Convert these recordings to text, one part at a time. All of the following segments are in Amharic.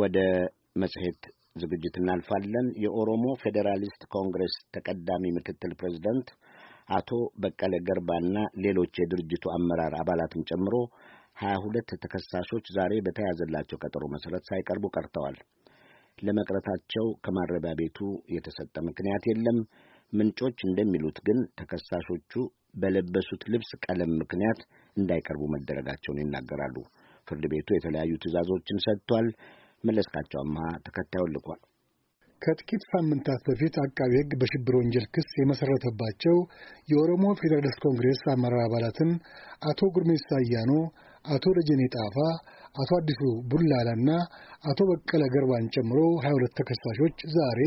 ወደ መጽሔት ዝግጅት እናልፋለን። የኦሮሞ ፌዴራሊስት ኮንግሬስ ተቀዳሚ ምክትል ፕሬዚደንት አቶ በቀለ ገርባና ሌሎች የድርጅቱ አመራር አባላትን ጨምሮ ሀያ ሁለት ተከሳሾች ዛሬ በተያዘላቸው ቀጠሮ መሠረት ሳይቀርቡ ቀርተዋል። ለመቅረታቸው ከማረቢያ ቤቱ የተሰጠ ምክንያት የለም። ምንጮች እንደሚሉት ግን ተከሳሾቹ በለበሱት ልብስ ቀለም ምክንያት እንዳይቀርቡ መደረጋቸውን ይናገራሉ። ፍርድ ቤቱ የተለያዩ ትዕዛዞችን ሰጥቷል። መለስካቸው አማሃ ተከታዩን ልኳል። ከጥቂት ሳምንታት በፊት አቃቢ ሕግ በሽብር ወንጀል ክስ የመሠረተባቸው የኦሮሞ ፌዴራሊስት ኮንግሬስ አመራር አባላትን አቶ ጉርሜሳ አያኖ፣ አቶ ደጀኔ ጣፋ፣ አቶ አዲሱ ቡላላና አቶ በቀለ ገርባን ጨምሮ 22 ተከሳሾች ዛሬ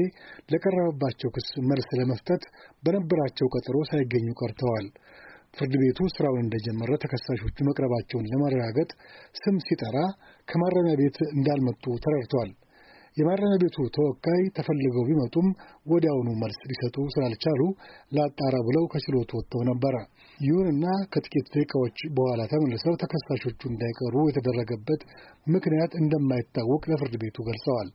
ለቀረበባቸው ክስ መልስ ለመስጠት በነበራቸው ቀጠሮ ሳይገኙ ቀርተዋል። ፍርድ ቤቱ ስራውን እንደጀመረ ተከሳሾቹ መቅረባቸውን ለማረጋገጥ ስም ሲጠራ ከማረሚያ ቤት እንዳልመጡ ተረድቷል። የማረሚያ ቤቱ ተወካይ ተፈልገው ቢመጡም ወዲያውኑ መልስ ሊሰጡ ስላልቻሉ ላጣራ ብለው ከችሎት ወጥተው ነበረ። ይሁንና ከጥቂት ደቂቃዎች በኋላ ተመልሰው ተከሳሾቹ እንዳይቀርቡ የተደረገበት ምክንያት እንደማይታወቅ ለፍርድ ቤቱ ገልጸዋል።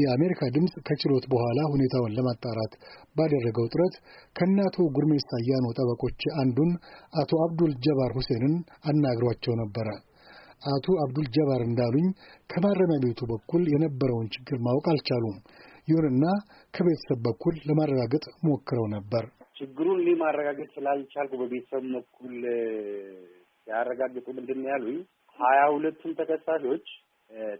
የአሜሪካ ድምፅ ከችሎት በኋላ ሁኔታውን ለማጣራት ባደረገው ጥረት ከእነ አቶ ጉርሜሳ አያኖ ጠበቆች አንዱን አቶ አብዱል ጀባር ሁሴንን አናግሯቸው ነበረ። አቶ አብዱል ጀባር እንዳሉኝ ከማረሚያ ቤቱ በኩል የነበረውን ችግር ማወቅ አልቻሉም። ይሁንና ከቤተሰብ በኩል ለማረጋገጥ ሞክረው ነበር። ችግሩን ሊ ማረጋገጥ ስላልቻልኩ በቤተሰብ በኩል ያረጋግጡ ምንድን ነው ያሉኝ። ሀያ ሁለቱም ተከሳሾች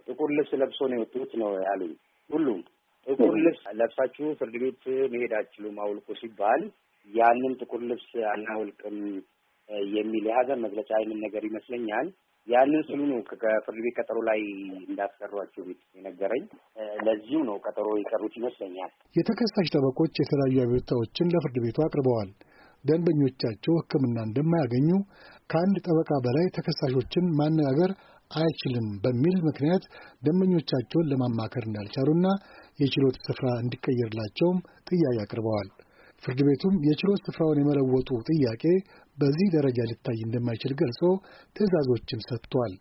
ጥቁር ልብስ ለብሶ ነው የወጡት ነው ያሉኝ። ሁሉም ጥቁር ልብስ ለብሳችሁ ፍርድ ቤት መሄድ አችሉም አውልቁ ሲባል ያንን ጥቁር ልብስ አናውልቅም የሚል የሀዘን መግለጫ አይነት ነገር ይመስለኛል። ያንን ስሉ ነው ከፍርድ ቤት ቀጠሮ ላይ እንዳስቀሯቸው ቤት የነገረኝ። ለዚሁ ነው ቀጠሮ የቀሩት ይመስለኛል። የተከሳሽ ጠበቆች የተለያዩ አቤቱታዎችን ለፍርድ ቤቱ አቅርበዋል። ደንበኞቻቸው ሕክምና እንደማያገኙ ከአንድ ጠበቃ በላይ ተከሳሾችን ማነጋገር አይችልም በሚል ምክንያት ደንበኞቻቸውን ለማማከር እንዳልቻሉና የችሎት ስፍራ እንዲቀየርላቸውም ጥያቄ አቅርበዋል። ፍርድ ቤቱም የችሎት ስፍራውን የመለወጡ ጥያቄ በዚህ ደረጃ ሊታይ እንደማይችል ገልጾ ትዕዛዞችን ሰጥቷል።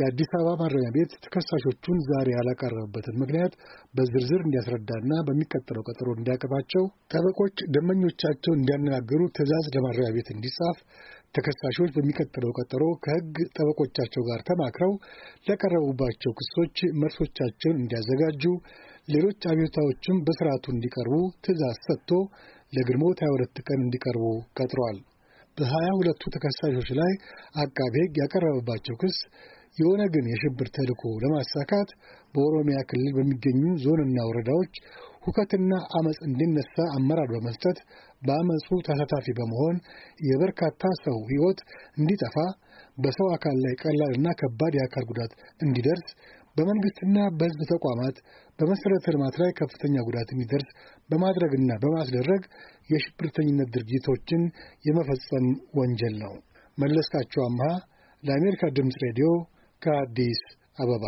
የአዲስ አበባ ማረሚያ ቤት ተከሳሾቹን ዛሬ ያላቀረበበትን ምክንያት በዝርዝር እንዲያስረዳና በሚቀጥለው ቀጠሮ እንዲያቀርባቸው፣ ጠበቆች ደመኞቻቸው እንዲያነጋግሩ ትዕዛዝ ለማረሚያ ቤት እንዲጻፍ፣ ተከሳሾች በሚቀጥለው ቀጠሮ ከሕግ ጠበቆቻቸው ጋር ተማክረው ለቀረቡባቸው ክሶች መልሶቻቸውን እንዲያዘጋጁ፣ ሌሎች አቤቱታዎችም በስርዓቱ እንዲቀርቡ ትዕዛዝ ሰጥቶ ለግንቦት 22 ቀን እንዲቀርቡ ቀጥሯል። በሀያ ሁለቱ ተከሳሾች ላይ አቃቤ ሕግ ያቀረበባቸው ክስ የኦነግን የሽብር ተልኮ ለማሳካት በኦሮሚያ ክልል በሚገኙ ዞንና ወረዳዎች ሁከትና አመፅ እንዲነሳ አመራር በመስጠት በአመፁ ተሳታፊ በመሆን የበርካታ ሰው ሕይወት እንዲጠፋ በሰው አካል ላይ ቀላልና ከባድ የአካል ጉዳት እንዲደርስ በመንግስትና በሕዝብ ተቋማት በመሠረተ ልማት ላይ ከፍተኛ ጉዳት እንዲደርስ በማድረግና በማስደረግ የሽብርተኝነት ድርጊቶችን የመፈጸም ወንጀል ነው። መለስካቸው አምሃ ለአሜሪካ ድምፅ ሬዲዮ ከአዲስ አበባ